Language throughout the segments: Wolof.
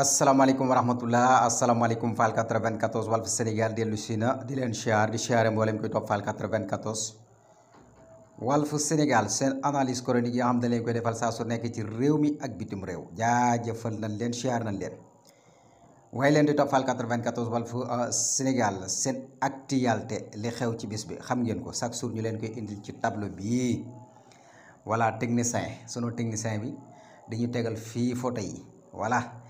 asalaamaaleykum wa rahmatullah asalaamaaleykum Fall 94 Walf Sénégal dellu si na di leen siyaar di siyaare mboolem koy topp Fall 94 Walf Sénégal seen analyse chronique yi nga xam dañ leen koy defal saa su ci réew mi ak bitim réew jaajëfal nañ leen siyaar nañ leen waaye leen di topp Fall 94 Walf euh, Sénégal seen actualité li xew ci bis bi xam ngeen ko chaque jour ñu leen koy indil ci tableau bii voilà technicien sunu technicien bi dañu tegal fii foote yi voilà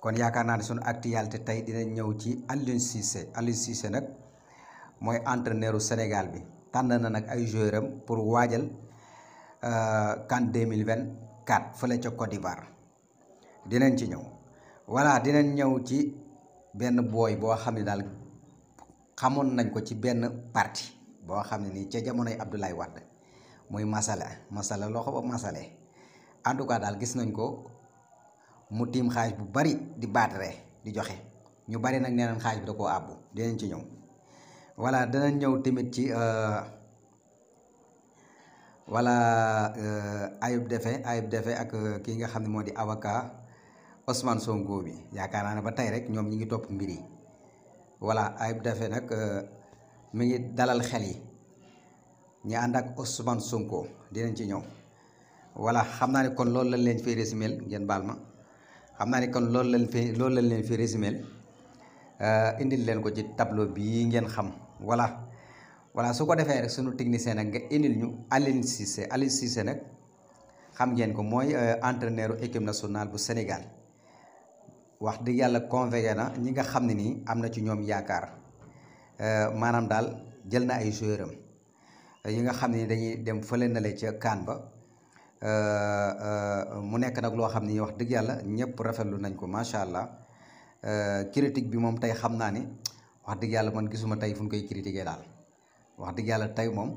kon yaakaar naa ne sunu actualité tey dina ñëw ci Aliou Cissé Aliou Cissé nag mooy entraîneuru Sénégal bi tànn na nag ay joueurs pour waajal euh, CAN 2024 fële ca Côte d'Ivoire dinañ ci ñëw voilà dinañ ñëw ci benn booy boo xam ne daal xamoon nañ ko ci benn parti boo xam ne nii ca jamonoy Abdoulaye Wade muy Masale masala loxo ba Masale en daal gis nañ ko. mu tiim xaaj bu bari di baatare di joxe ñu bari nag nee nañ xaalis bi da koo àbbu dinañ ci ñëw voilà danañ ñëw tamit ci euh, walla euh, ayub defe ayub defe ak euh, kii nga xam ne moo di avocat Ousmane Sonko bi yaakaar naa ne ba tey rek ñoom ñi ngi topp mbir yi voilà ayub defe nag mi ngi dalal xel yi ñi ànd ak Ousmane Sonko dinañ ci ñëw voilà xam naa ne kon loolu la leen si résumé ngeen baal ma. xam naa ne kon loolu lañ fi loolu lañ leen fi résumé euh, indil leen ko ci tableau bi ngeen xam voilà voilà su ko defee rek sunu technicien nag nga indil ñu Aliou Cissé Aliou Cissé nag xam ngeen ko mooy euh, entraîneur équipe nationale bu Sénégal wax dëgg yàlla convaincu na ñi nga xam ne nii am na ci ñoom yaakaar euh, maanaam daal jël na ay joueuram yi nga xam ne dañuy dem fële na le ca kaan ba. Euh, euh, mu nekk nag loo xam ni wax dëgg yàlla ñëpp rafetlu nañ ko macha allah euh, critique bi moom tey xam naa ni wax dëgg yàlla man gisuma tey fu ñu koy critiquer daal wax dëgg yàlla tey moom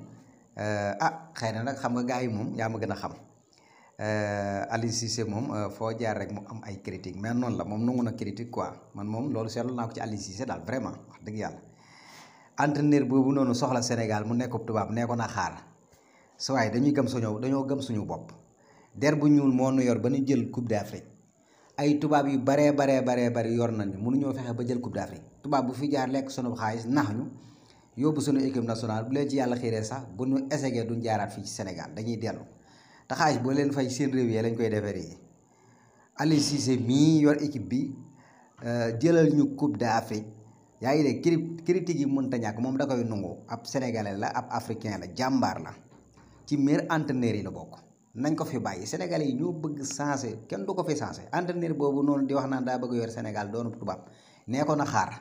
ah xëy na nag xam nga gars yi moom yaa ma gën a xam Aliou Cissé moom foo jaar rek mu am ay critique mais noonu la moom nangu na critique quoi man moom loolu seetlu naa ko ci Aliou Cissé daal vraiment wax dëgg yàlla entraîneur boobu noonu soxla Sénégal mu nekk tubaab nee ko su dañuy gëm suñu dañoo gëm suñu bopp der bu ñuul moo nu yor ba ñu jël coupe d'Afrique ay tubaab yu baree baree baree bari yor nañu mënuñoo fexe ba jël coupe d'Afrique tubaab bu fi jaar lekk suñu xaalis nax ñu yóbbu suñu équipe nationale bu leen ci yàlla xiiree sax bu ñu essayé duñ jaaraat fii ci Sénégal dañuy dellu te xaalis boo leen fay seen réew yi lañ koy defaree Aliou Cissé mii yor équipe bi euh, jëlal ñu coupe d'Afrique yaa ngi dégg critique yi mënta ñàkk moom da koy nungoo ab sénégalais la ab africain la jàmbaar la. ci meilleur entraîneur yi la bokk nañ ko fi bàyyi Sénégalais yi ñoo bëgg changé kenn du ko fi changé entraîneur boobu noonu di wax naan daa bëgg yor Sénégal doonu tubaab nee na xaar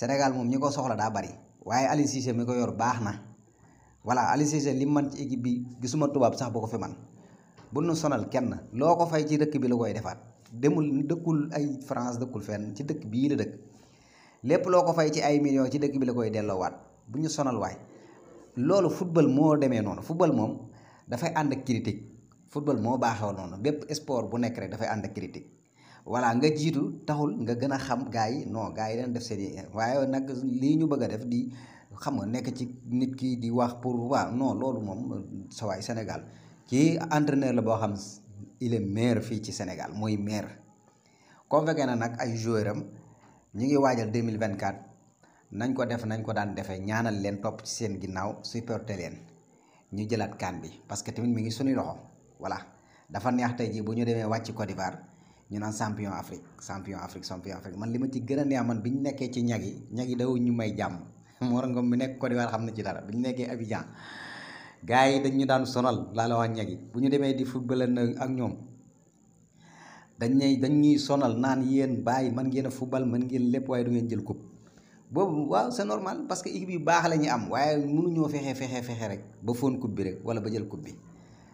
Sénégal moom ñi ko soxla daa bari waaye Aliou Cissé mi ko yor baax na voilà Aliou Cissé li man ci équipe bi gisuma tubaab sax bu ko fi man bu nu sonal kenn loo ko fay ci dëkk bi la koy defaat demul dëkkul ay France dëkkul fenn ci dëkk bii la dëkk lépp loo ko fay ci ay millions ci dëkk bi la koy delloowaat bu ñu sonal waay loolu football moo demee noonu football moom dafay ànd ak critique football moo baaxoo noonu bépp sport bu nekk rek dafay ànd ak critique voilà nga jiitu taxul nga gën a xam gars yi non gars yi dañ def seen waaye nag lii ñu bëgg a def di xam nga nekk ci nit ki di wax pour waaw non loolu moom sa waay Sénégal kii entraîneur la boo xam il est maire fii ci Sénégal mooy maire convoqué na nag ay joueur ñu ngi waajal 2024 nañ ko def nañ ko daan defee ñaanal leen topp ci seen ginnaaw supporter leen ñu jëlaat kaan bi parce que tamit mi ngi suñuy loxo voilà dafa neex tey jii bu ñu demee wàcc Côte d'Ivoire ñu naan champion Afrique champion Afrique champion Afrique man li ma ci gën neex man bi ñu nekkee ci ñag yi ñag yi daw ñu may jàmm Mor Ngom mi nekk Côte d'Ivoire xam na ci dara bi ñu nekkee Abidjan gars yi dañ ñu daan sonal laa la wax ñag yi bu ñu demee di football ak ñoom dañ ñuy dañ ñuy sonal naan yéen bàyyi man ngeen a football ngeen lépp waaye du jël coupe boobu waaw c'est normal parce que équipe yu baax la ñu am waaye mënuñoo fexe fexe fexe rek ba fóon coupe bi rek wala ba jël coupe bi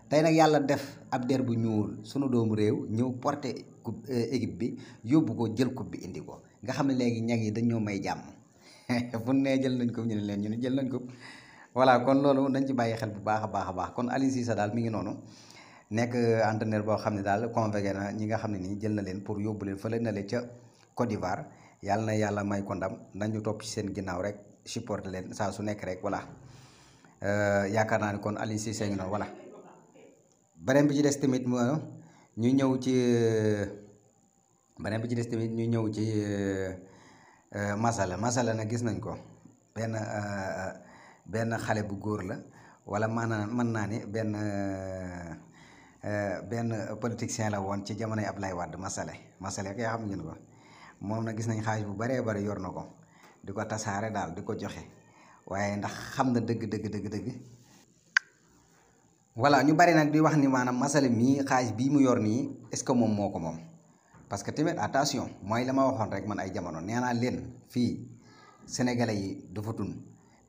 tey nag yàlla def ab der bu ñuul sunu doomu réew ñëw porté coupe euh, équipe bi yóbbu ko jël coupe bi indi ko nga xam ne léegi ñag yi dañoo may jàmm bu ne jël nañ ko ñu ne ñu ne jël nañ ko voilà kon loolu nañ ci bàyyi xel bu baax a baax a baax kon Aliou sa daal mi ngi noonu nekk euh, entraîneur boo xam ne daal convoqué na ñi nga xam ne nii jël na leen pour yóbbu leen fële na leen ca Côte d'Ivoire. yàlla na yàlla may ko ndam nañu topp ci seen ginnaaw rek supporté leen saa su nekk rek voilà euh, yaakaar naa ne kon Aliou Cissé ngi noonu voilà. beneen bi ci des tamit ñu ñëw ci euh, beneen bi ci des tamit ñu ñëw ci euh, masala masala nag gis nañ ko benn benn xale bu góor la wala maanaam mën naa ni benn benn politicien la woon ci jamonoy Ablaye Wade masale masale kay xam ngeen ko. moom na gis nañ xaalis bu baree bari yor na ko di ko tasaare daal di ko joxe waaye ndax xam na dëgg dëgg dëgg dëgg ñu bari nag di wax ni maanaam masale mii xaalis bii mu yor nii est-ce que moom moo ko moom parce que tamit attention mooy la ma waxoon rek man ay jamono nee naa leen fii sénégalais yi dafa tun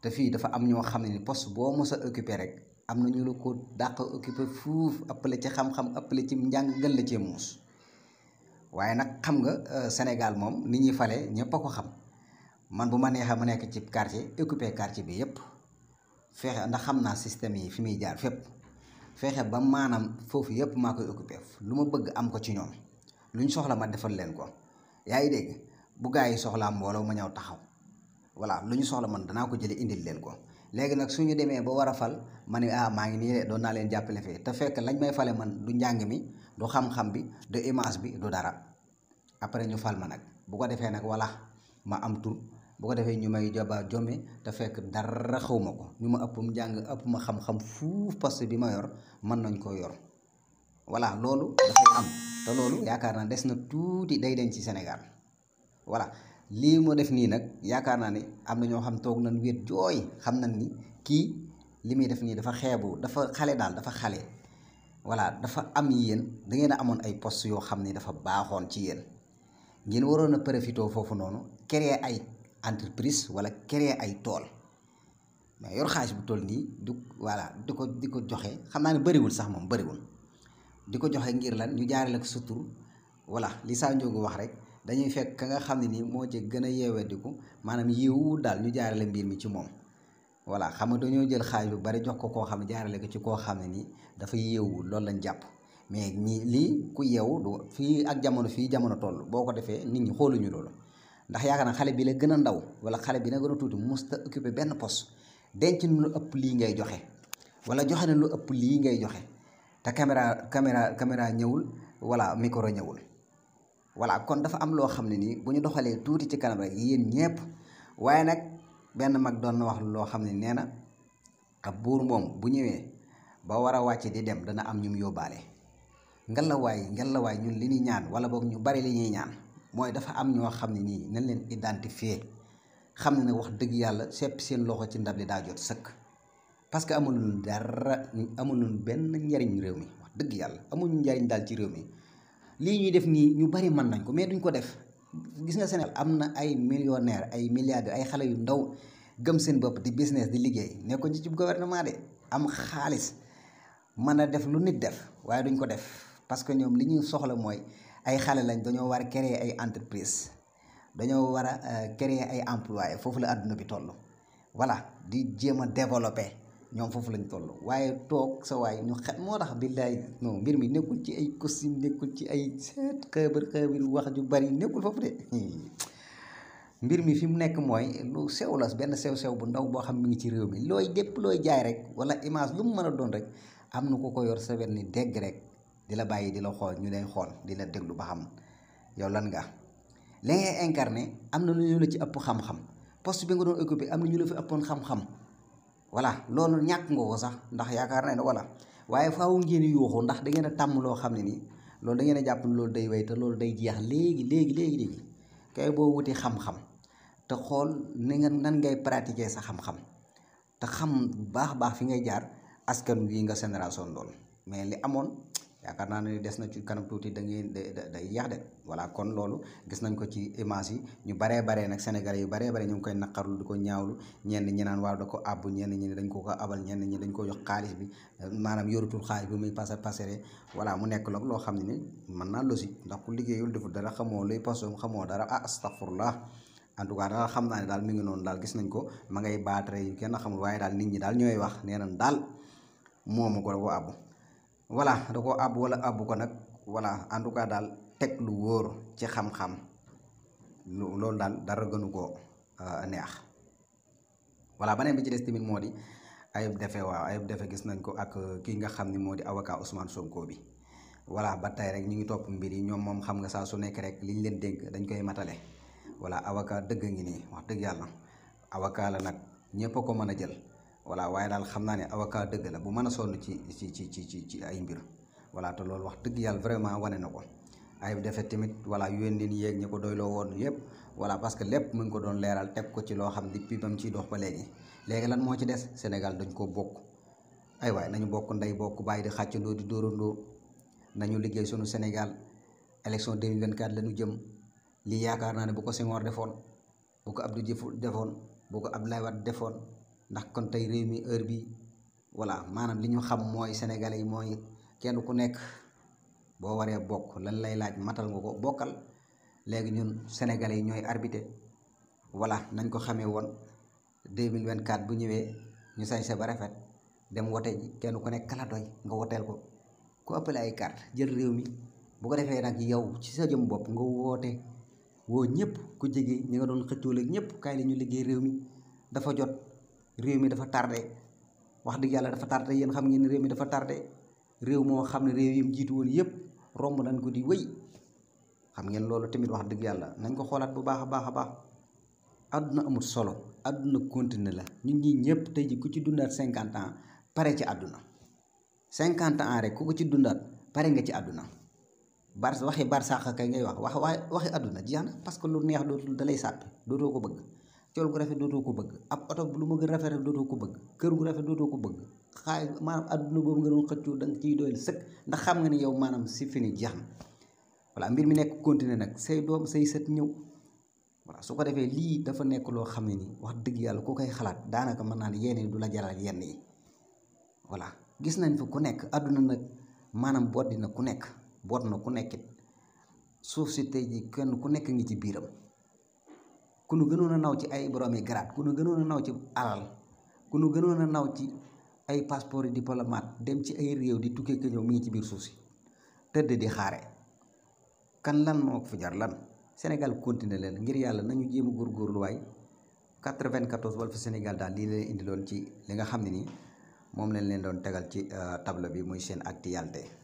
te fii dafa am ñoo xam ne ni post boo mos a rek am na ñu lu ko dàq occupé fuuf ëppale ci xam-xam ëppale ci njàng gën la cee muus waaye nag xam nga euh, Sénégal moom ni ñuy fale ñëpp a ko xam man bu ma neexee ma nekk ci quartier occupé quartier bi yëpp feexe ndax xam naa système yi fi muy jaar fépp feexe ba maanaam foofu yëpp maa koy occupé lu ma bëgg am ko ci ñoom luñ soxla ma defal leen ko yaa ngi dégg bu gaa yi soxlaa mbooloo ma ñëw taxaw voilà lu ñu soxla man danaa ko jëlee indil leen ko. léegi nag suñu demee ba war a fal ma ne ah maa ngi nii de doon naa leen jàppale fee te fekk lañ may fale man du njàng mi du xam-xam bi du image bi du dara après ñu fal ma nag bu ko defee nag wala ma am tur defee ñu may jaba jome te fekk dara xaw ko ñu ma ëpp njàng ëpp ma xam-xam fuuf que bi ma yor mën nañ koo yor voilà loolu te loolu yaakaar naa des na tuuti day deñ ci Sénégal voilà lii moo def nii nag yaakaar naa ne am na ñoo xam toog nañ wéet jooy xam nañ ni kii li muy def nii dafa xeebu dafa xale daal dafa xale voilà dafa am yéen da ngeen amoon ay post yoo xam ni dafa baaxoon ci yéen ngeen waroon a profité foofu noonu créer ay entreprise walla créer ay tool mais yor xaalis bu toll nii du voilà di ko di ko joxe xam naa ne bariwul sax moom bariwul di ko joxe ngir la ñu jaarale ko sutur voilà li saa njóogu wax rek. dañuy fekk ka nga xam ne nii moo ci gën a yeewediku maanaam yiwu daal ñu jaarale mbir mi ci moom voilà xam nga dañoo jël xaaj bu bari jox ko koo xam ne jaarale ko ci koo xam ne nii dafa yeewu loolu lañ jàpp mais ñi lii ku yeewu fii ak jamono fii jamono toll boo ko defee nit ñi xooluñu loolu ndax yaakaar naa xale bi la gën a ndaw wala xale bi nag gën a tuuti musta occupé benn poste denc na lu ëpp lii ngay joxe wala joxe na lu ëpp lii ngay joxe te caméra caméra caméra ñëwul wala micro ñëwul voilà kon dafa am loo xam ne nii bu ñu doxalee tuuti ci kanam rek yéen ñépp waaye nag benn mag doon na wax loo xam ne nee na ab buur moom bu ñëwee ba war a wàcc di dem dana am ñum yóbbaale ngelawaay ngelawaay ñun li ñuy ñaan wala boog ñu bari li ñuy ñaan mooy dafa am ñoo xam ne nii nañ leen identifier xam ne ne wax dëgg yàlla sepp seen loxo ci ndab li daa jot sëkk parce que amul dara amul benn njariñ réew mi wax dëgg yàlla amul njariñ daal ci réew mi lii ñuy def nii ñu bari mën nañ ko mais duñ ko def gis nga Sénégal am na ay millionnaire ay milliardaires ay xale yu ndaw gëm seen bopp di business di liggéey nekkoon ci ci gouvernement de am xaalis mën a def lu nit def waaye duñ ko def parce que ñoom li ñuy soxla mooy ay xale lañ dañoo war a créer ay entreprise dañoo war a euh, créer ay employés foofu la àdduna bi toll voilà di jéem a développer ñoom foofu lañu toll waaye toog sa waay ñu xel moo tax billaay non mbir mi nekkul ci ay costume nekkul ci ay seet xëbër xëbër wax ju bari nekkul foofu de mbir mi fi mu nekk mooy lu sew la benn sew-sew bu ndaw boo xam mi ngi ci réew mi looy dépp looy jaay rek wala image lu mu mën a doon rek am na ku ko yor sa ni dégg rek di la bàyyi di la xool ñu lay xool di la déglu ba xam yow lan nga li ngay am na lu ñu la ci ëpp xam-xam poste bi nga doon occupé am ñu la fi ëppoon voilà loolu ñàkk nga ko sax ndax yaakaar na ne voilà waaye faaw ngeen yuuxu ndax da ngeen a tàmm loo xam ne nii loolu da ngeen a jàpp ne loolu day way te loolu day jeex léegi léegi léegi léegi kay boo wuti xam-xam te xool ni nga nan ngay pratiquer sa xam-xam te xam baax baax fi ngay jaar askan wi nga génération lool mais li amoon yaakaar naa ne des na ci kanam tuuti da ngeen day yéex de voilà kon loolu gis nañ ko ci image yi ñu baree baree nag Sénégalais yi baree baree ñu ngi koy naqarlu di ko ñaawlu ñenn ñi naan waaw da ko àbb ñenn ñi dañ ko ko abal ñenn ñi dañ ko jox xaalis bi maanaam yorutul xaalis bi muy passé passé voilà mu nekk loog loo xam ni mën naa losi ndax ku liggéeyul defu dara xamoo luy pasoom xamoo dara ah astafurlah en tout cas daal xam naa ne daal mi ngi noonu daal gis nañ ko ma ngay baatare yu kenn xamul waaye daal nit ñi daal ñooy wax nee nañ daal moomu ko la ko voilà da ko àbb wala àbbu ko nag voilà en tout cas daal teg lu wóor ci xam-xam loolu daal dara gënu ko euh, neex voilà beneen bi ci des tamit moo di ayib defe waaw ayib defe gis nañ ko ak euh, kii nga xam ni moo di avocat Ousmane Sonko bi voilà ba tey rek ñu ngi topp mbir yi ñoom moom xam nga saa su nekk rek li ñu leen dénk dañ koy matale voilà avocat dëgg ngi nii wax dëgg yàlla avocat la nag ñëpp ko mën a jël voilà waaye daal xam naa ne avocat dëgg la bu mën a sonn ci ci ci ci ci ay mbir voilà te loolu wax dëgg yàlla vraiment wane na ko ay defet tamit voilà yuen leen yéeg ñi ko doyloo woon yëpp voilà parce que lépp mu ngi ko doon leeral teg ko ci loo xam depuis ba mu ciy dox ba léegi léegi lan moo ci des Sénégal dañ ko bokk ay waay nañu bokk ndey bokk bàyyi di xàccandoo di dóorandoo nañu liggéey sunu Sénégal élection 2024 la ñu jëm lii yaakaar naa ne bu ko Senghor defoon bu ko Abdou Diouf defoon bu ko Abdoulaye Wade defoon ndax kon tey réew mi heure bi voilà maanaam li ñu xam mooy sénégalais yi mooy kenn ku nekk boo waree bokk lan lay laaj matal nga ko bokkal léegi ñun sénégalais yi ñooy arbitre voilà nañ ko xamee woon mille 2024 bu ñëwee ñu sañse ba rafet dem wote kenn ku nekk kala doy nga woteel ko ku ëppale ay carte jël réew mi bu ko defee nag yow ci sa jëm bopp nga woote woo ñëpp ku jege ñu nga doon xëccoo ak ñëpp kaay li ñu liggéey réew mi dafa jot réew mi dafa tardé wax dëgg yàlla dafa tardé yéen xam ngeen ne réew mi dafa tardé réew moo xam ne réew yi jiitu woon yëpp romb nañ ko di wéy xam ngeen loolu tamit wax dëgg yàlla nañ ko xoolaat bu baax a baax a baax àdduna amul solo àdduna continué la ñun ñii ñëpp te ji ku ci dundaat cinquante ans pare ci àdduna cinquante ans rek ku ko ci dundaat pare nga ci àdduna bar waxi bar sàq kay ngay wax wax waxi àdduna jeex na parce que lu neex dootul dalay sàppi dootoo ko bëgg col gu rafet dootoo ko bëgg ab oto lu ma gën rafet rek dootoo ko bëgg kër gu rafet dootoo ko bëgg xaay maanaam adduna boobu nga doon xëccoo da nga ciy doyal sëkk ndax xam nga ne yow maanaam si fi ni jeex na voilà mbir mi nekk continuer nag say doom say sët ñëw waa su ko defee lii dafa nekk loo xam ne nii wax dëgg yàlla koo koy xalaat daanaka mën naa ne yenn yi du la jaral yenn yi voilà gis nañ fi ku nekk adduna nag maanaam boot dina ku nekk boot na ku nekkit suuf si tey ji kenn ku nekk ngi ci biiram ku nu gënoon a naw ci ay boroomi garaat ku nu gënoon a naw ci alal ku nu gënoon a naw ci ay passeport yi diplomate dem ci ay réew di tukkee ko ñëw mi ngi ci biir suuf si tëdd di xaare kan lan moo ko fi jar lan Sénégal continué leen ngir yàlla nañu jéem góor góorgóorlu waay 94 Walf Sénégal daal lii leen lool ci li nga xam ne nii moom lañ leen doon tegal ci euh, table bi muy seen actualité